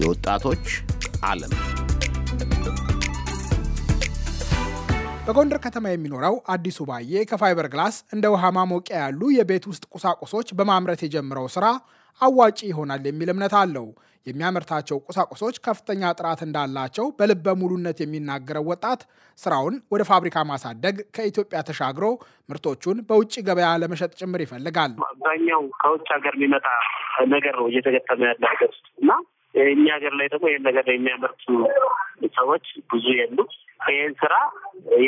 የወጣቶች ዓለም በጎንደር ከተማ የሚኖረው አዲሱ ባዬ ከፋይበር ግላስ እንደ ውሃ ማሞቂያ ያሉ የቤት ውስጥ ቁሳቁሶች በማምረት የጀመረው ስራ አዋጪ ይሆናል የሚል እምነት አለው። የሚያመርታቸው ቁሳቁሶች ከፍተኛ ጥራት እንዳላቸው በልበ ሙሉነት የሚናገረው ወጣት ስራውን ወደ ፋብሪካ ማሳደግ ከኢትዮጵያ ተሻግሮ ምርቶቹን በውጭ ገበያ ለመሸጥ ጭምር ይፈልጋል። አብዛኛው ከውጭ ሀገር የሚመጣ ነገር ነው እየተገጠመ ያለ ሀገር ውስጥ እና እኛ ሀገር ላይ ደግሞ ይህን ነገር የሚያመርቱ ሰዎች ብዙ የሉ። ይህን ስራ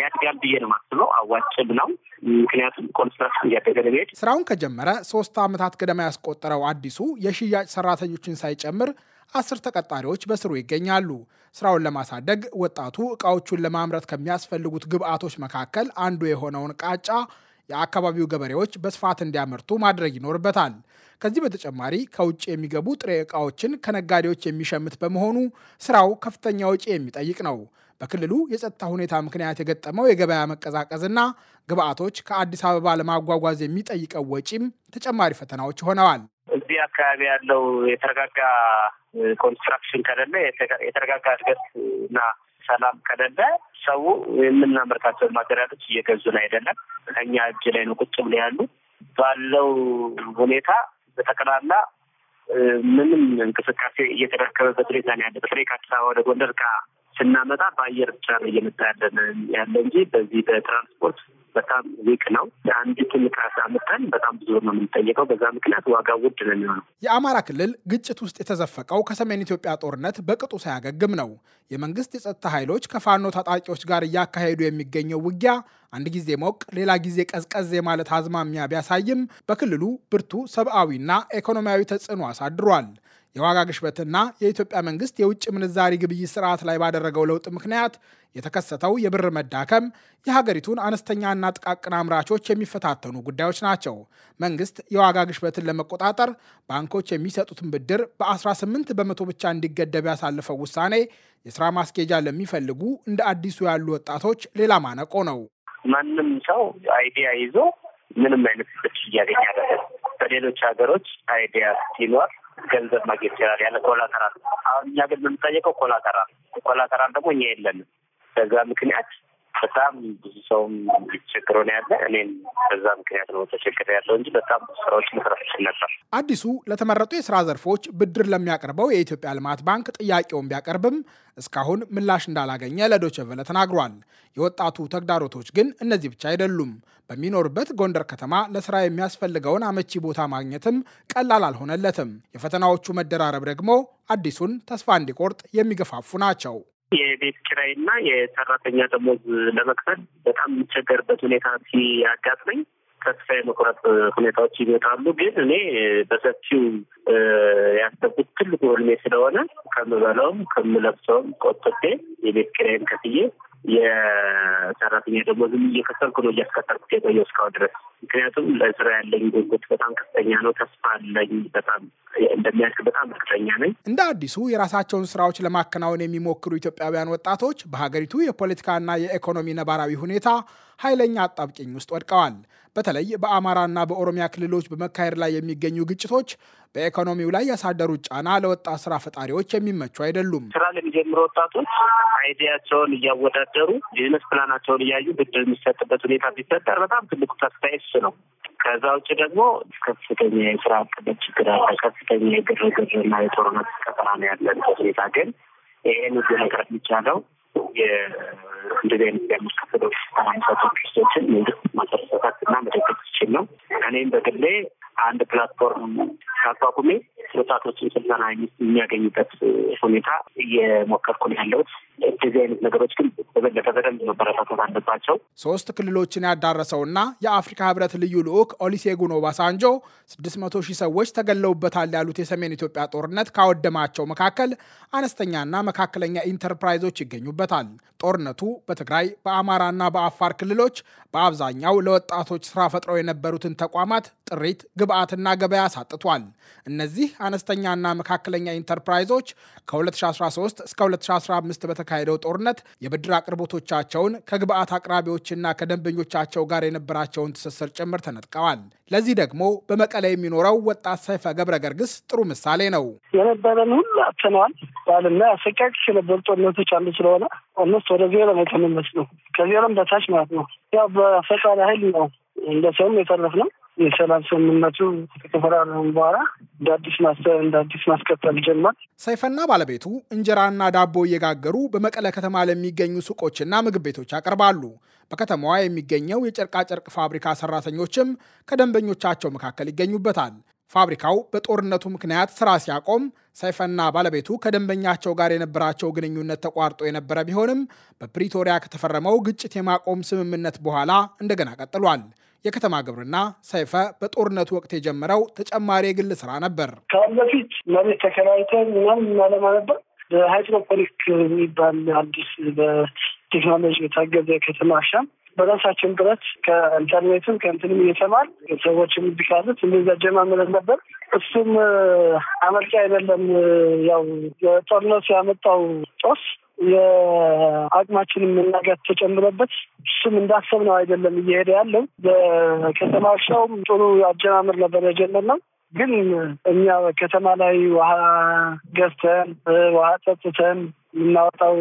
ያድጋል ብዬ ነው ማስበው። አዋጭም ነው፣ ምክንያቱም ኮንስትራክሽን እያደገ ሄድ። ስራውን ከጀመረ ሶስት አመታት ገደማ ያስቆጠረው አዲሱ የሽያጭ ሰራተኞችን ሳይጨምር አስር ተቀጣሪዎች በስሩ ይገኛሉ። ስራውን ለማሳደግ ወጣቱ እቃዎቹን ለማምረት ከሚያስፈልጉት ግብአቶች መካከል አንዱ የሆነውን ቃጫ የአካባቢው ገበሬዎች በስፋት እንዲያመርቱ ማድረግ ይኖርበታል። ከዚህ በተጨማሪ ከውጭ የሚገቡ ጥሬ ዕቃዎችን ከነጋዴዎች የሚሸምት በመሆኑ ስራው ከፍተኛ ወጪ የሚጠይቅ ነው። በክልሉ የጸጥታ ሁኔታ ምክንያት የገጠመው የገበያ መቀዛቀዝና ግብአቶች ከአዲስ አበባ ለማጓጓዝ የሚጠይቀው ወጪም ተጨማሪ ፈተናዎች ሆነዋል። እዚህ አካባቢ ያለው የተረጋጋ ኮንስትራክሽን ከሌለ፣ የተረጋጋ እድገት ና ሰላም ከሌለ ሰው የምናመርታቸውን ማቴሪያሎች እየገዙን አይደለም። እኛ እጅ ላይ ነው ቁጭ ብሎ ያሉ ባለው ሁኔታ በጠቅላላ ምንም እንቅስቃሴ እየተረከበበት ሁኔታ ነው ያለ። በተለይ ከአዲስ አበባ ወደ ጎንደር ስናመጣ በአየር ብቻ ነው እየመጣ ያለን ያለ እንጂ በዚህ በትራንስፖርት በጣም ዊክ ነው። አንዲትን ዕቃ አምጥተን በጣም ብዙ ነው የምንጠየቀው። በዛ ምክንያት ዋጋ ውድ ነው የሚሆነው። የአማራ ክልል ግጭት ውስጥ የተዘፈቀው ከሰሜን ኢትዮጵያ ጦርነት በቅጡ ሳያገግም ነው። የመንግስት የጸጥታ ኃይሎች ከፋኖ ታጣቂዎች ጋር እያካሄዱ የሚገኘው ውጊያ አንድ ጊዜ ሞቅ ሌላ ጊዜ ቀዝቀዝ የማለት አዝማሚያ ቢያሳይም በክልሉ ብርቱ ሰብአዊና ኢኮኖሚያዊ ተጽዕኖ አሳድሯል። የዋጋ ግሽበትና የኢትዮጵያ መንግስት የውጭ ምንዛሪ ግብይት ስርዓት ላይ ባደረገው ለውጥ ምክንያት የተከሰተው የብር መዳከም የሀገሪቱን አነስተኛና ጥቃቅን አምራቾች የሚፈታተኑ ጉዳዮች ናቸው። መንግስት የዋጋ ግሽበትን ለመቆጣጠር ባንኮች የሚሰጡትን ብድር በ18 በመቶ ብቻ እንዲገደብ ያሳለፈው ውሳኔ የስራ ማስኬጃ ለሚፈልጉ እንደ አዲሱ ያሉ ወጣቶች ሌላ ማነቆ ነው። ማንም ሰው አይዲያ ይዞ ምንም አይነት ብድር እያገኘ ከሌሎች ሀገሮች አይዲያ ሲኖር ገንዘብ ማግኘት ይችላል ያለ ኮላተራል። አሁን እኛ ግን የምንጠየቀው ኮላተራል፣ ኮላተራል ደግሞ እኛ የለንም። በዛ ምክንያት በጣም ብዙ ሰውም ተቸግሮ ነው ያለ። እኔም በዛ ምክንያት ነው ተቸግረ ያለው እንጂ በጣም ብዙ ስራዎች መስራት ይችል ነበር። አዲሱ ለተመረጡ የስራ ዘርፎች ብድር ለሚያቀርበው የኢትዮጵያ ልማት ባንክ ጥያቄውን ቢያቀርብም እስካሁን ምላሽ እንዳላገኘ ለዶቸቨለ ተናግሯል። የወጣቱ ተግዳሮቶች ግን እነዚህ ብቻ አይደሉም። በሚኖርበት ጎንደር ከተማ ለስራ የሚያስፈልገውን አመቺ ቦታ ማግኘትም ቀላል አልሆነለትም። የፈተናዎቹ መደራረብ ደግሞ አዲሱን ተስፋ እንዲቆርጥ የሚገፋፉ ናቸው። የቤት ኪራይና የሰራተኛ ደሞዝ ለመክፈል በጣም የምቸገርበት ሁኔታ ሲያጋጥመኝ ተስፋ የመቁረጥ ሁኔታዎች ይመጣሉ። ግን እኔ በሰፊው ያሰብኩት ትልቁ ህልሜ ስለሆነ ከምበላውም ከምለብሰውም ቆጥቤ የቤት ኪራይን ከፍዬ የሰራተኛ ደግሞ ዝም እየከፈልኩ ነው እያስከተልኩት የቆየው እስካሁን ድረስ። ምክንያቱም ለስራ ያለኝ ጉጉት በጣም ከፍተኛ ነው። ተስፋ አለኝ። በጣም እንደሚያልቅ በጣም እርግጠኛ ነኝ። እንደ አዲሱ የራሳቸውን ስራዎች ለማከናወን የሚሞክሩ ኢትዮጵያውያን ወጣቶች በሀገሪቱ የፖለቲካና የኢኮኖሚ ነባራዊ ሁኔታ ኃይለኛ አጣብቂኝ ውስጥ ወድቀዋል። በተለይ በአማራና በኦሮሚያ ክልሎች በመካሄድ ላይ የሚገኙ ግጭቶች በኢኮኖሚው ላይ ያሳደሩት ጫና ለወጣት ስራ ፈጣሪዎች የሚመቹ አይደሉም። ስራ ለሚጀምሩ ወጣቶች አይዲያቸውን እያወዳደሩ ቢዝነስ ፕላናቸውን እያዩ ብድር የሚሰጥበት ሁኔታ ቢፈጠር በጣም ትልቁ ተስፋዬስ ነው። ከዛ ውጭ ደግሞ ከፍተኛ የስራ አቅበት ችግር አለ። ከፍተኛ የግርግርና የጦርነት ቀጠና ነው ያለበት ሁኔታ ግን ይህን ነገር የሚቻለው እንደዚህ አይነት የሚያስከፍለው ማንሳቶች ክሶችን መንግስት ማሰረሰታትና መደገፍ ይችል ነው። እኔም በግሌ አንድ ፕላትፎርም አቋቁሜ ወጣቶችን ስልጠና የሚያገኝበት ሁኔታ እየሞከርኩን ነው ያለሁት። እንደዚህ አይነት ነገሮች ግን በበለጠ በደንብ መበረታተት አለባቸው። ሶስት ክልሎችን ያዳረሰውና የአፍሪካ ህብረት ልዩ ልዑክ ኦሊሴጉን ኦባሳንጆ ስድስት መቶ ሺህ ሰዎች ተገለውበታል ያሉት የሰሜን ኢትዮጵያ ጦርነት ካወደማቸው መካከል አነስተኛና መካከለኛ ኢንተርፕራይዞች ይገኙበታል። ጦርነቱ በትግራይ በአማራና በአፋር ክልሎች በአብዛኛው ለወጣቶች ስራ ፈጥረው የነበሩትን ተቋማት ጥሪት፣ ግብአትና ገበያ አሳጥቷል። እነዚህ አነስተኛና መካከለኛ ኢንተርፕራይዞች ከ2013 2013 እስከ 2015 በተካሄደው ጦርነት የብድር አቅርቦቶቻቸውን ከግብአት አቅራቢዎችና ከደንበኞቻቸው ጋር የነበራቸውን ትስስር ጭምር ተነጥቀዋል። ለዚህ ደግሞ በመቀለ የሚኖረው ወጣት ሰይፈ ገብረ ገርግስ ጥሩ ምሳሌ ነው። የነበረን ሁሉ አጥተነዋል። ባልና አሰቃቂ የነበሩ ጦርነቶች አንዱ ስለሆነ አምስት ወደ ዜሮ ነው ከዜሮም በታች ማለት ነው። ያው በፈጣሪ ኃይል ነው እንደ ሰውም የተረፍ ነው። የሰላም ስምምነቱ ከተፈራረሙ በኋላ እንደ አዲስ ማሰብ እንደ አዲስ ማስቀጠል ጀመር። ሰይፈና ባለቤቱ እንጀራና ዳቦ እየጋገሩ በመቀለ ከተማ ለሚገኙ ሱቆችና ምግብ ቤቶች ያቀርባሉ። በከተማዋ የሚገኘው የጨርቃጨርቅ ፋብሪካ ሰራተኞችም ከደንበኞቻቸው መካከል ይገኙበታል። ፋብሪካው በጦርነቱ ምክንያት ስራ ሲያቆም ሰይፈና ባለቤቱ ከደንበኛቸው ጋር የነበራቸው ግንኙነት ተቋርጦ የነበረ ቢሆንም በፕሪቶሪያ ከተፈረመው ግጭት የማቆም ስምምነት በኋላ እንደገና ቀጥሏል። የከተማ ግብርና ሰይፈ በጦርነቱ ወቅት የጀመረው ተጨማሪ የግል ስራ ነበር። ከአሁን በፊት መሬት ተከራይተን ምናምን እናለማ ነበር። ሃይድሮፖኒክ የሚባል አዲስ በቴክኖሎጂ የታገዘ ከተማ እርሻም በራሳችን ብረት ከኢንተርኔትም ከእንትንም እየተማር ሰዎች የሚብካሉት እንደዛ ጀማምረን ነበር። እሱም አመርቂ አይደለም። ያው ጦርነቱ ያመጣው ጦስ የአቅማችንን መናጋት ተጨምረበት እሱም እንዳሰብነው አይደለም እየሄደ ያለው። በከተማሻውም ጥሩ አጀማመር ነበር የጀመርነው ግን እኛ ከተማ ላይ ውሃ ገዝተን ውሃ ጠጥተን የምናወጣው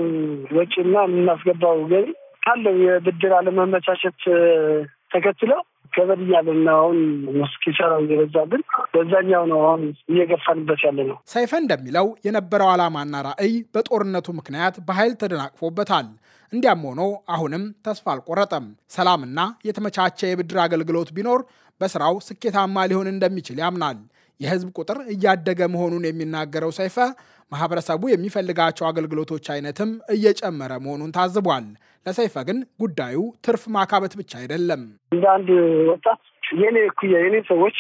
ወጪና የምናስገባው ገቢ ካለው የብድር አለመመቻቸት ተከትለው ከበድ እያለን አሁን ኪሳራው እየበዛብን በዛኛው ነው አሁን እየገፋንበት ያለ ነው። ሰይፈ እንደሚለው የነበረው ዓላማና ራዕይ በጦርነቱ ምክንያት በኃይል ተደናቅፎበታል። እንዲያም ሆኖ አሁንም ተስፋ አልቆረጠም። ሰላምና የተመቻቸ የብድር አገልግሎት ቢኖር በስራው ስኬታማ ሊሆን እንደሚችል ያምናል። የህዝብ ቁጥር እያደገ መሆኑን የሚናገረው ሰይፈ ማህበረሰቡ የሚፈልጋቸው አገልግሎቶች አይነትም እየጨመረ መሆኑን ታዝቧል። ለሰይፈ ግን ጉዳዩ ትርፍ ማካበት ብቻ አይደለም። እንደ አንድ ወጣት የኔ እኩያ የኔ ሰዎች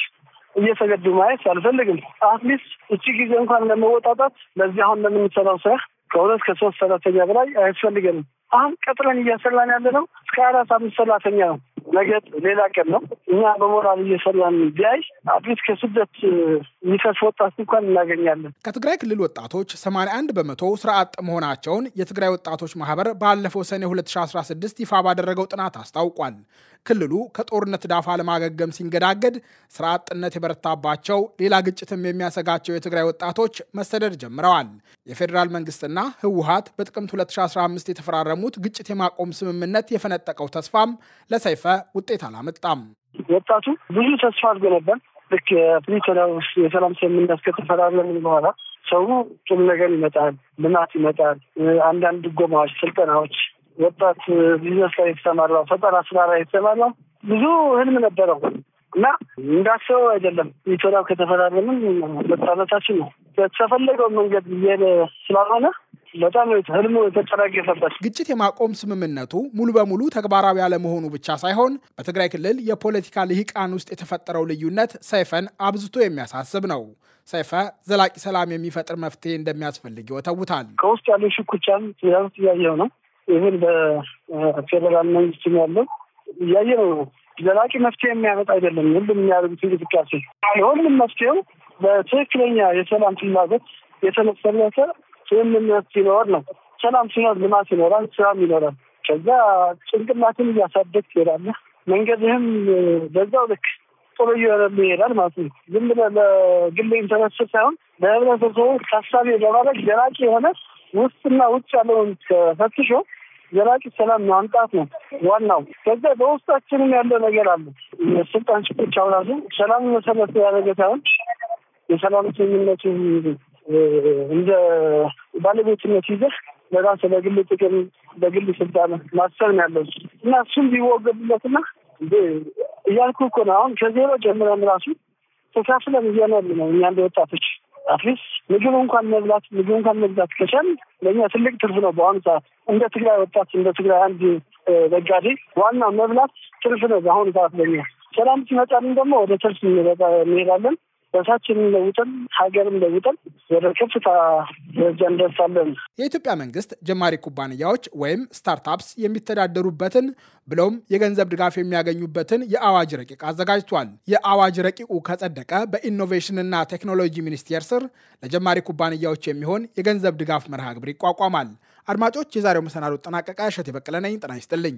እየተገዱ ማየት አልፈልግም። አትሊስት እቺ ጊዜ እንኳን ለመወጣጣት ለዚህ አሁን ለምንሰራው ስራ ከሁለት ከሶስት ሰራተኛ በላይ አያስፈልገንም። አሁን ቀጥረን እያሰላን ያለ ነው እስከ አራት አምስት ሰራተኛ ነው። ነገ ሌላ ቀን ነው። እኛ በሞራል እየሰራን ቢያይ አትሊስት ከስደት የሚፈስ ወጣት እንኳን እናገኛለን። ከትግራይ ክልል ወጣቶች 81 በመቶ ስራ አጥ መሆናቸውን የትግራይ ወጣቶች ማህበር ባለፈው ሰኔ 2016 ይፋ ባደረገው ጥናት አስታውቋል። ክልሉ ከጦርነት ዳፋ ለማገገም ሲንገዳገድ ስራ አጥነት የበረታባቸው ሌላ ግጭትም የሚያሰጋቸው የትግራይ ወጣቶች መሰደድ ጀምረዋል። የፌዴራል መንግስትና ህወሀት በጥቅምት 2015 የተፈራረሙት ግጭት የማቆም ስምምነት የፈነጠቀው ተስፋም ለሰይፈ ውጤት አላመጣም። ወጣቱ ብዙ ተስፋ አድርጎ ነበር። ልክ የፕሪቶሪያ የሰላም ስምምነት ከተፈራረምን በኋላ ሰው ጥሩ ነገር ይመጣል፣ ልማት ይመጣል። አንዳንድ ድጎማዎች፣ ስልጠናዎች፣ ወጣት ቢዝነስ ላይ የተሰማራ ፈጠራ ስራ ላይ የተሰማራ ብዙ ህልም ነበረው እና እንዳሰበው አይደለም። ፕሪቶሪያ ከተፈራረምን ሁለት ነው። በተፈለገው መንገድ እየሄደ ስላልሆነ በጣም ህልሙ የተጨናገፈበት ግጭት የማቆም ስምምነቱ ሙሉ በሙሉ ተግባራዊ ያለመሆኑ ብቻ ሳይሆን በትግራይ ክልል የፖለቲካ ልሂቃን ውስጥ የተፈጠረው ልዩነት ሰይፈን አብዝቶ የሚያሳስብ ነው። ሰይፈ ዘላቂ ሰላም የሚፈጥር መፍትሄ እንደሚያስፈልግ ይወተውታል። ከውስጥ ያለው ሽኩቻን ውስጥ እያየው ነው። ይህን በፌደራል መንግስት ያለው እያየ ነው። ዘላቂ መፍትሄ የሚያመጣ አይደለም። ሁሉም የሚያደርጉት እንቅስቃሴ ሁሉም መፍትሄው በትክክለኛ የሰላም ፍላጎት የተመሰረተ ስምምነት ሲኖር ነው። ሰላም ሲኖር ልማት ይኖራል፣ ስራም ይኖራል። ከዛ ጭንቅላትን እያሳደግ ትሄዳለህ። መንገድህም በዛው ልክ ጥሩ እየሆነ ይሄዳል ማለት ነው። ዝም ብለህ ለግል ኢንተረስ ሳይሆን ለህብረተሰቡ ታሳቢ በማድረግ ዘላቂ የሆነ ውስጥና ውጭ ያለውን ፈትሾ ዘላቂ ሰላም ማምጣት ነው ዋናው። ከዛ በውስጣችንም ያለው ነገር አለ። የስልጣን ሽኩቻው ራሱ ሰላም መሰረት ያደረገ ሳይሆን የሰላም ስምምነቱ እንደ ባለቤትነት ይዘህ በጣም ስለ ጥቅም በግል ስልጣን ማሰብ ነው ያለው እና እሱም ቢወገድለትና እያልኩ እኮ ነው። አሁን ከዜሮ ጀምረን ራሱ ተካፍለን እየኖርን ነው። እኛ እንደ ወጣቶች አትሊስት ምግብ እንኳን መብላት ምግብ እንኳን መግዛት ከቻል ለእኛ ትልቅ ትርፍ ነው። በአሁኑ ሰዓት እንደ ትግራይ ወጣት እንደ ትግራይ አንድ ነጋዴ ዋና መብላት ትርፍ ነው በአሁኑ ሰዓት ለኛ። ሰላም ሲመጣልን ደግሞ ወደ ትርፍ እንሄዳለን። ራሳችንን ለውጠን ሀገርም ለውጠን ወደ ከፍታ ደረጃ እንደርሳለን። የኢትዮጵያ መንግስት ጀማሪ ኩባንያዎች ወይም ስታርታፕስ የሚተዳደሩበትን ብሎም የገንዘብ ድጋፍ የሚያገኙበትን የአዋጅ ረቂቅ አዘጋጅቷል። የአዋጅ ረቂቁ ከጸደቀ በኢኖቬሽንና ቴክኖሎጂ ሚኒስቴር ስር ለጀማሪ ኩባንያዎች የሚሆን የገንዘብ ድጋፍ መርሃ ግብር ይቋቋማል። አድማጮች፣ የዛሬው መሰናዶ ጠናቀቀ። እሸት የበቀለ ነኝ። ጤና ይስጥልኝ።